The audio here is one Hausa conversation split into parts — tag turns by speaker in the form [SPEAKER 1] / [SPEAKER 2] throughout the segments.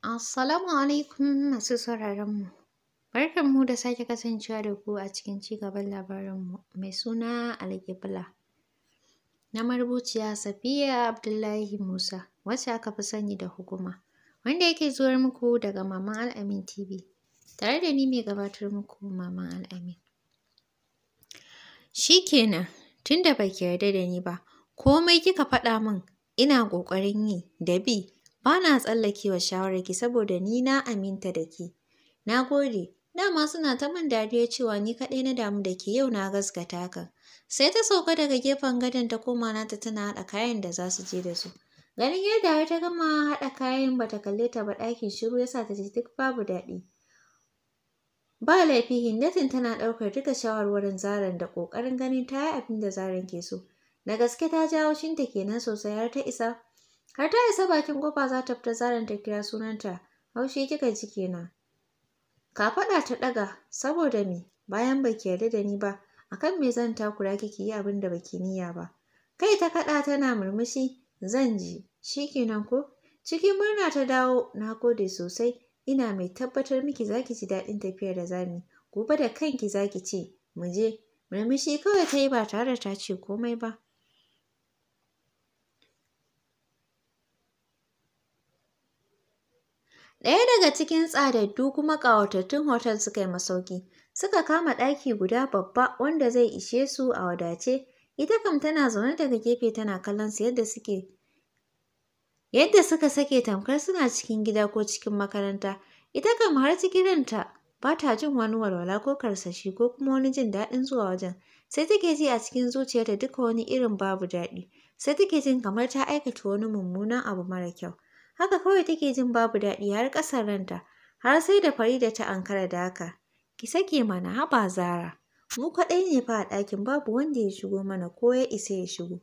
[SPEAKER 1] Assalamu alaikum masu sauraronmu. Barkanmu da sake kasancewa da ku a cikin ci cigaban labarinmu mai suna Alƙibla. Na marubuciya Safiya Abdullahi Musa, wacce aka fi sani da hukuma, wanda yake zuwar muku daga Maman Al'amin TV, tare da ni mai gabatar muku Maman Al'amin. Shi kenan, tunda baki yarda da ni ba, komai kika faɗa min ina ƙoƙarin yi da bi Ba na tsallakewa shawararki saboda ni na aminta da ke. Na gode, dama suna ta min dariya cewa ni kaɗai na damu da ke yau na gaskata ka Sai ta sauka daga gefen gadon ta koma na ta tana haɗa kayan da za su je da su. Ganin yadda har ta gama haɗa kayan ba ta kalle ta ba ɗakin shiru ya sa ta ji duk babu daɗi. Ba laifi Hindatin tana ɗaukar duka shawarwarin zaren da ƙoƙarin ganin ta yi abin da Zaran ke so. Da gaske ta jawo shinta kenan sosai har ta isa har ta isa bakin kofa za ta fita zaran ta kira sunanta haushi kika ji kenan ka faɗa ta ɗaga saboda me bayan baki yarda da ni ba akan me zan takura kiki yi abin da baki niyya ba kai ta kaɗa tana murmushi zan ji shi shikenan ko cikin murna ta dawo na gode sosai ina mai tabbatar miki zaki ji daɗin tafiya da zamu gobe da kanki zaki ce mu je murmushi kawai ta yi ba tare da ta ce komai ba Ɗaya daga cikin tsadaddu kuma ƙawatattun hotel suka yi masauki, suka kama ɗaki guda babba wanda zai ishe su a wadace, ita kam tana zaune daga gefe tana kallon su yadda suke yadda suka sake tamkar suna cikin gida ko cikin makaranta, ita kam har cikin ranta ba ta jin wani walwala ko karsashi ko kuma wani jin daɗin zuwa wajen, sai take ji a cikin zuciyarta duka wani irin babu daɗi, sai take jin kamar ta aikata wani mummunan abu mara kyau. Haka kawai take jin babu daɗi har ƙasar ranta, har sai da Farida ta ankara da haka. Ki sake mana haɓa Zara. Mu kaɗai ne fa a ɗakin babu wanda ya shigo mana ko ya isa ya shigo.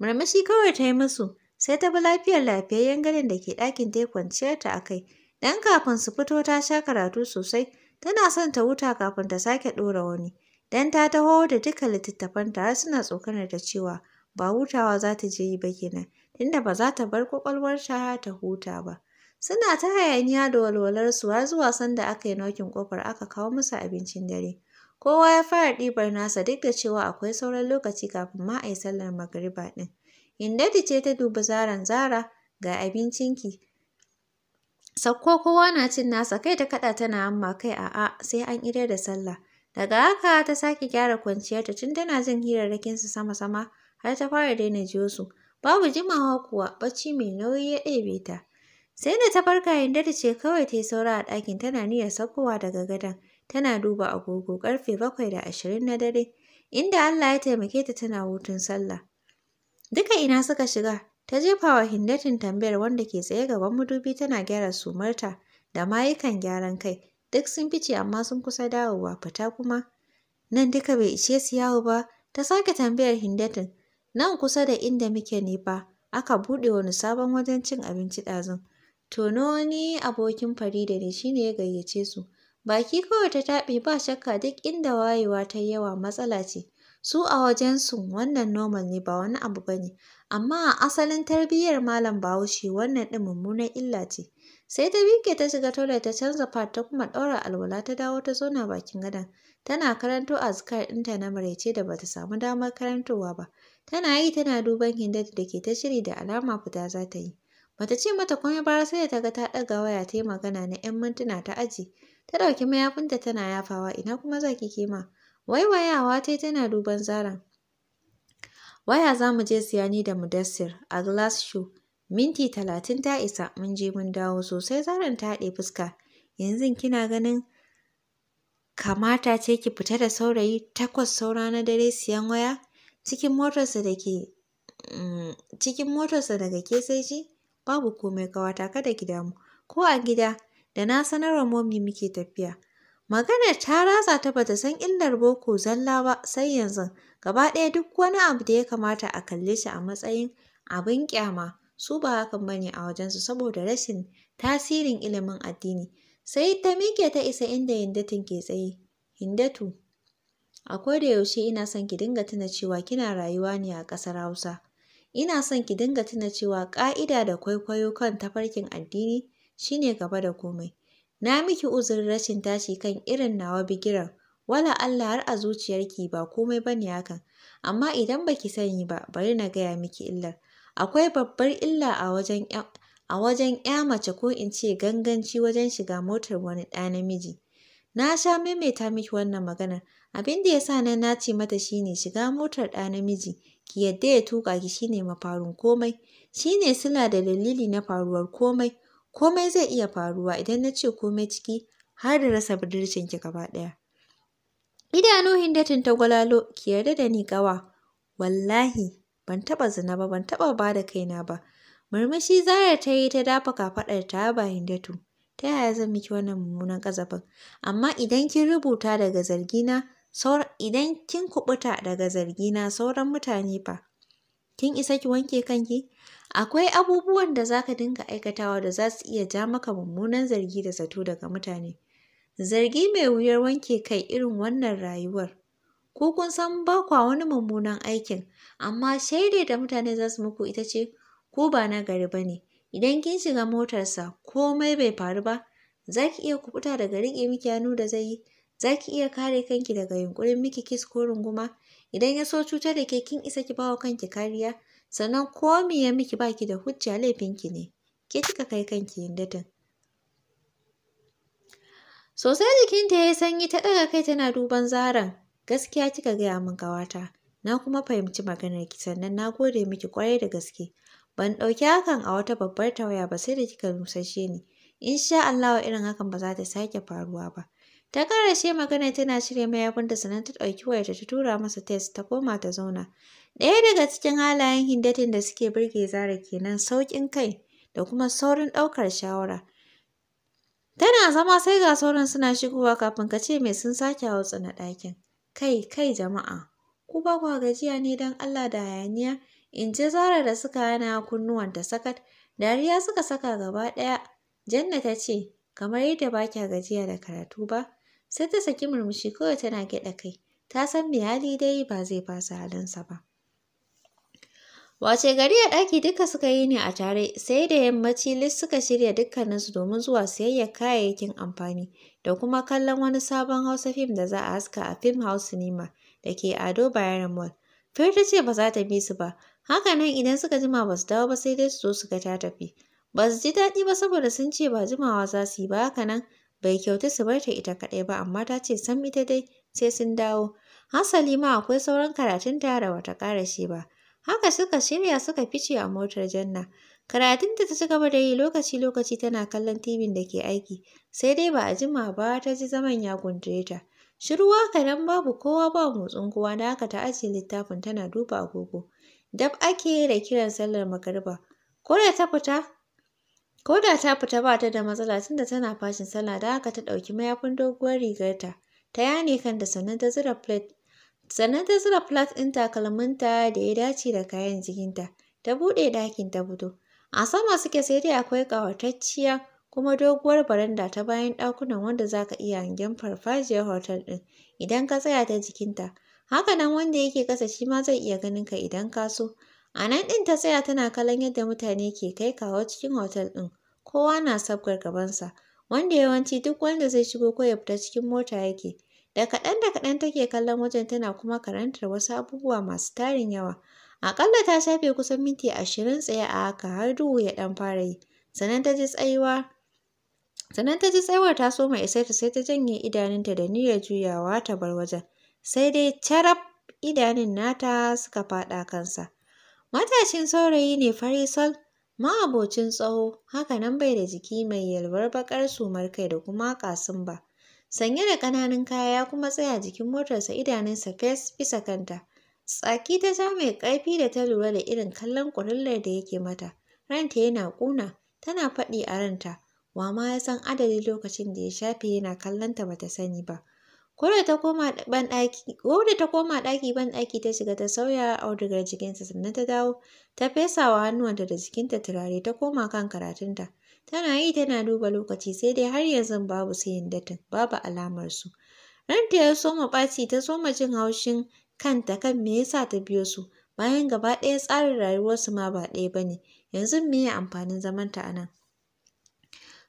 [SPEAKER 1] Murmushi kawai ta yi musu, sai ta bi lafiyar lafiyayyen ganin da ke ɗakin ta yi kwanciyar ta a kai. Dan kafin su fito ta sha karatu sosai, tana son ta huta kafin ta sake ɗora wani. Dan ta taho da duka littattafanta har suna tsokanar ta cewa ba hutawa za ta je yi ba kenan. inda ba za ta bar kwakwalwarta ta huta ba. Suna ta hayaniya da walwalarsu har zuwa sanda aka yi nokin kofar aka kawo musu abincin dare. Kowa ya fara ɗibar nasa duk da cewa akwai sauran lokaci kafin ma a yi sallar magariba ɗin. Indadi ce ta dubi zaran zara ga abincin ki. Sakko kowa na cin nasa kai ta kaɗa tana amma kai a'a sai an idar da sallah. Daga haka ta sake gyara kwanciyarta tun tana jin hirarrakinsu sama-sama har ta fara daina jiyo su. Babu jimawa kuwa bacci mai nauyi ya ɗebe ta. Sai da ta farka da ce kawai ta yi saura a ɗakin tana niyyar saukowa daga gadon. Tana duba agogo karfe bakwai da ashirin na dare, inda Allah ya taimake ta tana hutun sallah. Duka ina suka shiga, ta jefa wa Hindatin tambayar wanda ke tsaye gaban madubi tana gyara sumarta da mayukan gyaran kai. Duk sun fice amma sun kusa dawowa fita kuma. Nan duka bai ishe su yawo ba, ta sake tambayar Hindatin. Nan kusa da inda muke ne aka buɗe wani sabon wajen cin abinci ɗazun. Tono wani abokin Farida ne shine ya gayyace su. Baki kawai ta taɓe ba shakka duk inda wayewa ta yawa matsala ce. Su a wajensu wannan normal ne ba wani abu bane Amma asalin tarbiyyar Malam Bahaushe wannan ɗin mummunar illa ce. Sai ta miƙe ta shiga toilet ta canza pad ta kuma ɗaura alwala ta dawo ta zauna bakin gadon. Tana karanto azkar ɗinta na maraice da bata samu damar karantowa ba. Tana yi tana duban Hindatu da ke ta shiri da alama fita za ta yi. Bata ce mata komai ba sai da ta ga ta ɗaga waya ta yi magana na 'yan mintuna ta aji. Ta ɗauki mayafinta tana yafawa ina kuma za ki kema. Waiwayawa ta tana duban zaran. Waya za mu je siya ni da Mudassir a Glass Shoe. Minti talatin ta isa mun je mun dawo sosai zaran ta haɗe fuska. Yanzu kina ganin kamata ce ki fita da saurayi takwas saura na dare siyan waya cikin motarsa mm, daga ke sai ji babu komai kawata kada ki damu ko a gida da na sanarwa momi muke tafiya. Maganar ta ratsa ta bata san illar boko zalla ba sai yanzu gaba ɗaya duk wani abu da ya kamata a kalle shi a matsayin abin kyama. su ba hakan ba ne a wajensu saboda rashin tasirin ilimin addini sai ta miƙe ta isa inda hindatin ke tsaye hindatu a da yaushe ina son ki dinga tuna cewa kina rayuwa ne a ƙasar hausa ina son ki dinga tuna cewa ƙa'ida da kwaikwayo kan tafarkin addini shine gaba da komai na miki uzurin rashin tashi kan irin nawa bigiran wala Allah har a zuciyarki ba komai ne hakan amma idan baki sanyi ba bari na gaya miki illar Akwai babbar illa a wajen a wajen ‘ya mace ko in ce ganganci wajen shiga motar wani ɗa namiji. Na sha maimaita miki wannan maganar, abin da ya sa na ce mata shi ne shiga motar ɗa namiji ki yadda ya tuka ki shi ne mafarin komai, shi ne sila da dalili na faruwar komai, komai zai iya faruwa idan na ce komai ciki har da rasa ki gaba ɗaya. Idanu Hindatin ta gwalalo, ki yarda da ni gawa wallahi ban taɓa zina ba ban taɓa ba da kaina ba murmushi zara ta yi ta dafa kafaɗar ta ba hindatu ta yaya zan miki wannan mummunan ƙazafin amma idan kin rubuta daga zargina idan kin kuɓuta daga zargina sauran mutane fa kin isa ki wanke kanki akwai abubuwan da zaka dinga aikatawa da za su iya ja maka mummunan zargi da zato daga mutane zargi mai wuyar wanke kai irin wannan rayuwar ko kun san ba kwa wani mummunan aikin, amma shaidai da mutane za su muku ita ce, ko ba na gari ba ne. Idan kin shiga motarsa komai bai faru ba, za ki iya kubuta daga riƙe miki hannu da zai yi, za ki iya kare kanki daga yunƙurin miki kis ko runguma, idan ya so cutar da ke kin isa ki bawa kanki kariya, sannan ko me ya miki baki da hujja laifinki ne, ke kika kai kanki yindatin. Sosai jikinta ya yi sanyi ta ɗaga kai tana duban Zaran. Gaskiya kika gaya min kawata. na kuma fahimci maganar ki sannan na gode miki kwarai da gaske. Ban ɗauki hakan a wata babbar tawaya ba sai da kika rusashe ni. In Insha Allahu irin hakan ba za ta sake faruwa ba. Ta karashe magana tana shirya mayafinta sannan ta ɗauki wayarta ta tura masa test ta koma ta zauna. Ɗaya daga cikin halayen hindatin da suke burge Zara kenan saukin kai da kuma saurin ɗaukar shawara. Tana zama sai ga sauran suna shigowa kafin ka ce mai sun sake tsana ɗakin. Kai, kai jama'a, ku ba kwa gajiya ne don Allah da hayaniya? In ji Zara da suka hana kunnuwanta sakat, dariya suka saka gaba ɗaya. Janna ta ce, kamar yadda ba kya gajiya da karatu ba, sai ta saki murmushi kawai tana gyaɗa kai, ta san me hali dai ba zai fasa halinsa ba. Wace gari a ɗaki duka suka yi ne a tare, sai da yammaci lis suka shirya dukkaninsu domin zuwa siyayyar kayayyakin amfani, da kuma kallon wani sabon Hausa fim da za a haska a Film House Cinema da ke Ado Bayero Mall. Fir ta ce ba za ta bi su ba, haka nan idan suka jima ba su dawo ba sai dai su zo su ga ta tafi. Ba su ji daɗi ba saboda sun ce ba jimawa za su yi ba haka nan bai kyauta su bar ta ita kaɗai ba amma ta ce sam ita dai sai sun dawo. Hasali ma akwai sauran karatun ta wata ƙara shi ba. Haka suka shirya suka fice a motar Janna. Karatun ta ta ci gaba da yi lokaci-lokaci tana kallon tibin da ke aiki, sai dai ba a jima ba ta ji zaman ya gundure ta. Shiruwa kadan babu kowa ba motsin kowa da haka ta ajiye littafin tana duba agogo. Dab ake da kiran sallar magariba. Ko da ta fita Ko da ba ta da matsala tunda tana fashin sallah da haka ta ɗauki mayafin doguwar rigarta. Ta yane kanta sannan ta zura plate sannan ta zura flat ɗin takalminta da ya dace da kayan jikinta. Ta buɗe ɗakin ta fito. A sama suke sai dai akwai ƙawatacciya kuma doguwar baranda ta bayan ɗakunan wanda za ka iya hangen farfajiyar hotel ɗin idan ka tsaya ta jikinta. nan wanda yake ƙasa shi ma zai iya ganin ka idan ka so. A nan ɗin ta tsaya tana kallon yadda mutane ke kai kawo cikin hotel ɗin. Kowa na sabgar gabansa, wanda yawanci duk wanda zai shigo ko ya fita cikin mota yake. Da kaɗan da kaɗan take kallon wajen tana kuma karantar wasu abubuwa masu tarin yawa. Aƙalla ta shafe kusan minti ashirin tsaye a haka har duhu ya ɗan fara yi. Sannan ta ji tsayuwa sannan ta ji tsawar ta soma isa ta sai ta janye idanunta da niyyar juyawa ta bar wajen sai dai carab idanun nata suka faɗa kansa matashin saurayi ne farisol ma'abocin tsawo hakanan bai da jiki mai yalwar bakar sumar kai da kuma kasin ba sanye da ƙananan kaya ya kuma tsaya jikin motarsa idanunsa fes bisa kanta tsaki ta ja mai ƙarfi da ta lura da irin kallon kurillar da yake mata ranta yana ƙuna tana faɗi a ranta wa ma ya san adadin lokacin da ya shafe yana kallonta bata sani ba. Ko da ta koma ɗaki ko ɗaki banɗaki ta shiga ta sauya audugar jikinta sannan ta dawo ta fesa wa hannuwanta da jikinta turare ta koma kan karatunta. Tana yi tana duba lokaci sai dai har yanzu babu sayin datin, babu alamar su. Ranta ya soma ɓaci ta soma jin haushin kanta kan me yasa ta biyo su bayan gaba ɗaya tsarin rayuwarsu ma ba ɗaya ba ne, Yanzu me ya amfanin zamanta a nan?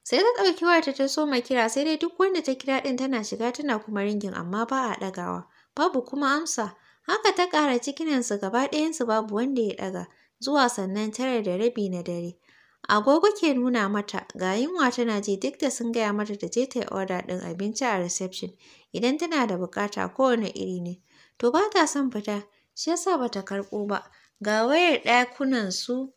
[SPEAKER 1] Sai ta ɗauki wata ta so soma kira sai dai duk wanda ta kira ɗin tana shiga tana kuma ringin amma ba a ɗagawa. Babu kuma amsa. Haka ta ƙara cikinansu gaba ɗayansu babu wanda ya ɗaga. Zuwa sannan tara da rabi na dare. Agogo ke nuna mata ga yunwa tana ji duk da sun gaya mata ta je ta yi oda ɗin abinci a reception idan tana da bukata kowane iri ne. To ba ta son fita, shi yasa ba ta karɓo ba. Ga wayar ɗakunan su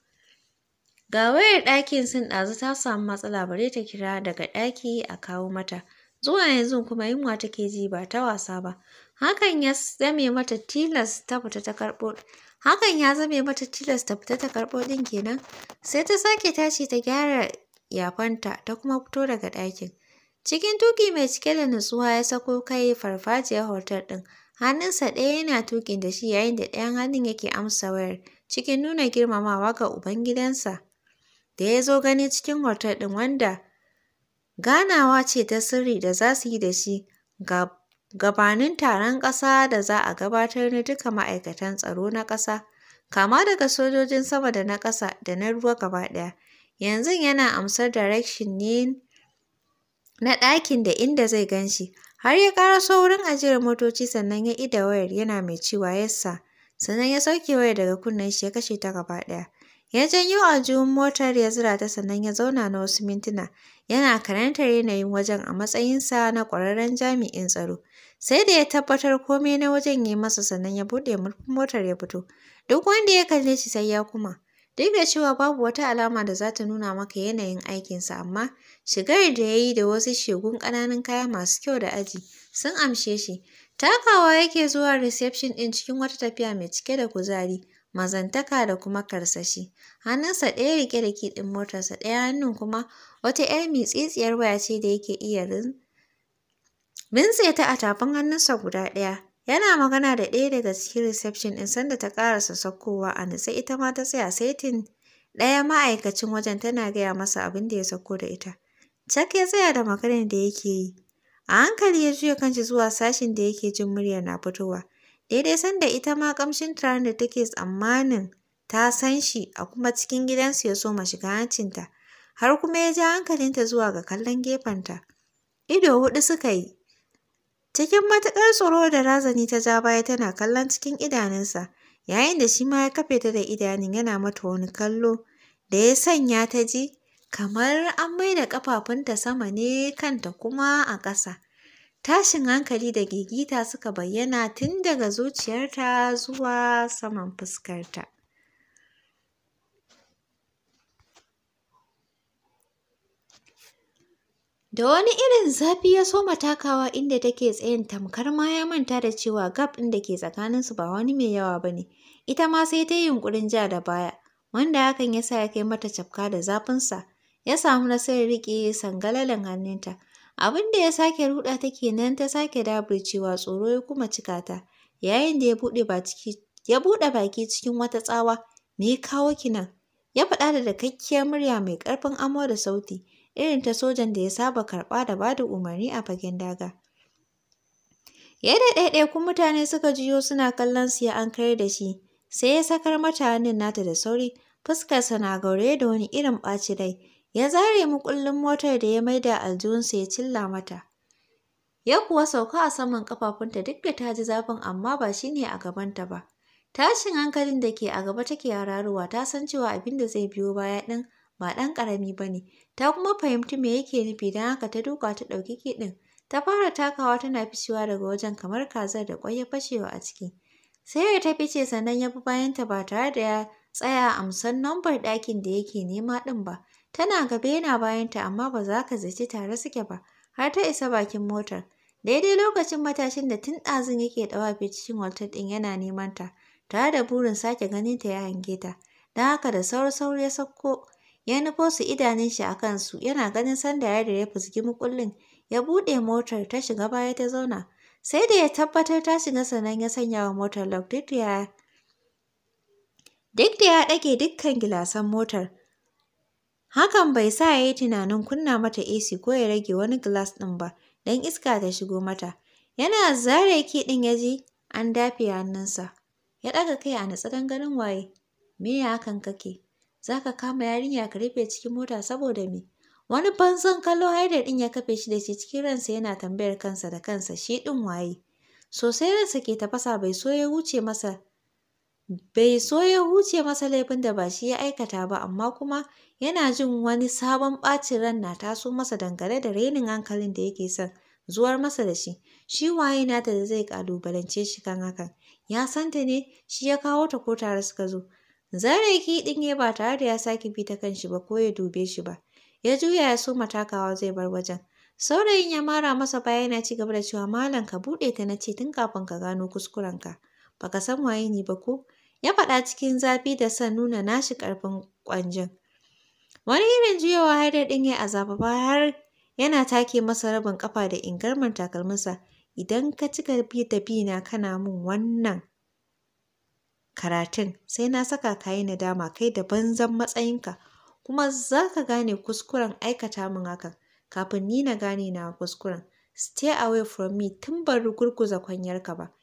[SPEAKER 1] Ga wayar ɗakin sun ɗazu ta samu matsala bare ta kira daga ɗaki a kawo mata. Zuwa yanzu kuma yunwa take ji ba ta wasa ba. Hakan ya zame mata tilas ta fita ta karɓo. Hakan ya zame mata tilas ta fita ta karɓo ɗin kenan. Sai ta sake tashi ta gyara yafanta ta kuma fito daga ɗakin. Cikin tuƙi mai cike da nutsuwa ya sako kai farfajiyar hotel ɗin. Hannunsa ɗaya yana tuƙin da shi yayin da ɗayan hannun yake amsa wayar cikin nuna girmamawa ga ubangidansa. da ya zo gani cikin hotel ɗin wanda ganawa ce ta sirri da za su yi da shi gabanin taron ƙasa da za a gabatar na duka ma'aikatan tsaro na ƙasa kama daga sojojin sama da na kasa da na ruwa gaba ɗaya yanzu yana amsar direction ne na ɗakin da inda zai gan shi har ya ƙaraso wurin ajiyar motoci sannan ya ida wayar yana mai cewa yassa sannan ya sauke wayar daga kunnen shi ya kashe ta gaba ɗaya Ya janyo aljihun motar ya zura ta sannan ya zauna na wasu mintuna, yana karantar yanayin wajen a matsayinsa na ƙwararren jami'in tsaro. Sai da ya tabbatar komai na wajen ya masa sannan ya buɗe murfin motar ya fito. Duk wanda ya kalle shi sai ya kuma. Duk da cewa babu wata alama da za ta nuna maka yanayin aikinsa, amma shigar da ya yi da wasu shegun ƙananan kaya masu kyau da aji sun amshe shi. Takawa yake zuwa reception ɗin cikin wata tafiya mai cike da kuzari. mazantaka da kuma karsashi. Hannunsa ɗaya rike da kiɗin motarsa ɗaya hannun kuma wata 'yar mitsitsiyar waya ce da yake iya bintse ta a tafin hannunsa guda ɗaya. Yana magana da ɗaya daga cikin reception ɗin sanda ta ƙarasa saukowa a nutse ita ma ta tsaya saitin ɗaya ma'aikacin wajen tana gaya masa abin da ya sauko da ita. cak ya tsaya da maganar da yake yi. A hankali ya juya kanshi zuwa sashin da yake jin murya na fitowa. Daidai sanda ita ma kamshin turaren da take tsammanin ta san shi a kuma cikin gidansu ya ma shiga hancinta, har kuma ya ja hankalinta zuwa ga kallon gefenta. Ido hudu suka yi. Cikin matukar tsoro da razani ta ja baya tana kallon cikin idanunsa, yayin da shi ma ya kafe ta da idanun yana mata wani kallo da ya sanya ta ji kamar an maida ƙafafunta sama ne kanta kuma a ƙasa. Tashin hankali da gigita suka bayyana tun daga zuciyarta zuwa saman fuskarta. Da wani irin zafi ya soma takawa inda take tsayin tamkar ma ya manta da cewa gab ɗin da ke tsakaninsu ba wani mai yawa ba ne, ita ma sai ta yi yunƙurin ja da baya, wanda hakan ya sa ya kai mata cafka da zafinsa, ya samu nasarar riƙe sangalalin hannunta. Abin da ya sake ruɗa ta kenan ta sake cewa tsoro ya kuma cika ta, yayin da ya buɗe ya buɗe baki cikin wata tsawa, me ya kawo ki nan? Ya faɗa da dakakkiyar murya mai ƙarfin amo da sauti, irin ta sojan da ya saba karɓa da bada umarni a fagen daga. Yadda ɗaiɗaikun mutane suka jiyo suna kallon su ya an kai da shi, sai ya sakar mata nata da sauri, fuskarsa na gauraye da wani irin ɓaci rai. Ya zare mukullin motar da ya maida aljihunsa ya cilla mata. Ya kuwa sauka a saman kafafunta duk da ta ji zafin amma ba shi ne a gabanta ba. Tashin hankalin da ke a gaba take hararowa ta san cewa abin da zai biyo baya ɗin ba ɗan ƙarami ba ne. Ta kuma fahimci me yake nufi don haka ta duka ta ɗauki kiɗin. Ta fara takawa tana ficewa daga wajen kamar kazar da ƙwai ya fashewa a ciki. Sai ya ta fice sannan ya bi bayanta ba tare da ya tsaya amsan nambar ɗakin da yake nema ɗin ba. Tana gaba yana bayanta amma ba za ka zaci tare suke ba har ta isa bakin motar. Daidai lokacin matashin da tun ɗazun yake ɗawa cikin Walter ɗin yana neman ta, tare da burin sake ganin ta ya hange ta. Don haka da sauri-sauri ya sauko ya nufo su idanun shi a kansu yana ganin sanda ya da ya fusgi mukullin ya buɗe motar ta shiga baya ta zauna. Sai da ya tabbatar ta shiga sannan ya sanya wa motar lock duk Duk da ya ɗage dukkan gilasan motar, Hakan bai sa ya yi tunanin kunna mata AC ko ya rage wani gilas ɗin ba don iska ta shigo mata. Yana zare ki ɗin ya ji an dafe hannunsa. Ya ɗaga kai a natsa don ganin waye. Me ya hakan kake? Za ka kama yarinya ka rufe cikin mota saboda me? Wani banzan kallo haidar ɗin ya kafe shi da shi cikin ransa yana tambayar kansa da kansa shi ɗin waye. Sosai ransa ke tafasa bai so ya wuce masa bai so ya huce masa laifin da ba shi ya aikata ba amma kuma yana jin wani sabon ɓacin ran na taso masa dangane da renin hankalin da yake son zuwar masa da shi shi waye nata da zai kalubalance shi kan hakan ya santa ne shi ya kawo ta ko tare suka zo zare ki ɗinye ba tare da ya sake bi ta kan shi ba ko ya dube shi ba ya juya ya soma takawa zai bar wajen saurayin ya mara masa baya yana ci gaba da cewa malam ka buɗe ta na ce tun kafin ka gano kuskuren kuskurenka baka san waye ni ba ko ya faɗa cikin zafi da san nuna nashi ƙarfin ƙwanjin. Wani irin juyawa Haidar ɗin ya azababa har yana take masa rabin ƙafa da ingarmar takalminsa. Idan ka ci bi da bi na kana mun wannan karatun sai na saka kayi yi nadama kai da banzan matsayinka kuma za ka gane kuskuren aikata mun hakan kafin ni na gane na kuskuren. Stay away from me tun ban gurguza kwanyarka ba.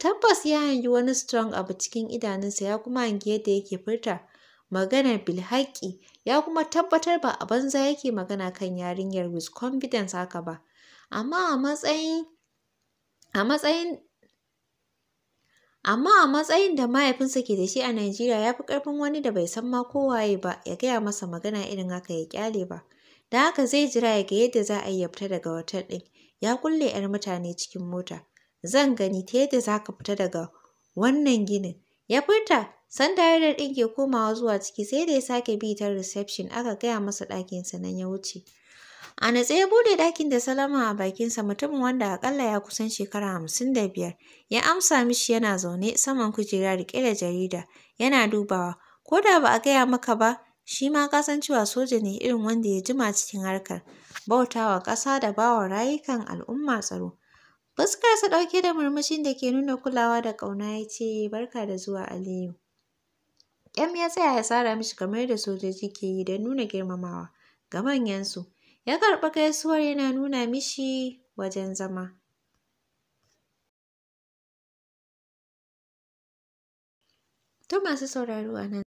[SPEAKER 1] Tabbas ya hangi wani strong abu cikin idanunsa ya kuma hangi yadda yake furta maganar bilhaƙi ya kuma tabbatar ba a banza yake magana kan yarinyar with confidence haka ba. Amma a matsayin a matsayin amma a matsayin da mahaifinsa ke da shi a Najeriya ya fi ƙarfin wani da bai san ma kowaye ba ya gaya masa magana irin haka ya kyale ba. Da haka zai jira ya ga yadda za a yi ya fita daga hotel ɗin. Ya kulle 'yar mutane cikin mota. zan gani ta yadda za ka fita daga wannan ginin. Ya furta, san Haidar ɗin ke komawa zuwa ciki sai da ya sake bi ta reception aka gaya masa ɗakinsa nan ya wuce. A natse ya bude ɗakin da salama a bakinsa mutumin wanda akalla ya kusan shekara hamsin da biyar. Ya amsa mishi yana zaune saman kujera riƙe da jarida yana dubawa. Ko da ba a gaya maka ba, shi ma ka cewa soja ne irin wanda ya jima cikin harkar. Bautawa ƙasa da bawa rayukan al'umma tsaro. Fuskarsa ɗauke da murmushin da ke nuna kulawa da ƙauna ya ce, Barka da zuwa Aliyu. Ƙyam ya tsaya ya tsara mishi kamar da sojoji ke yi don nuna girmamawa ga manyansu. Ya karɓa gaisuwar yana nuna mishi wajen zama. To masu sauraro a nan.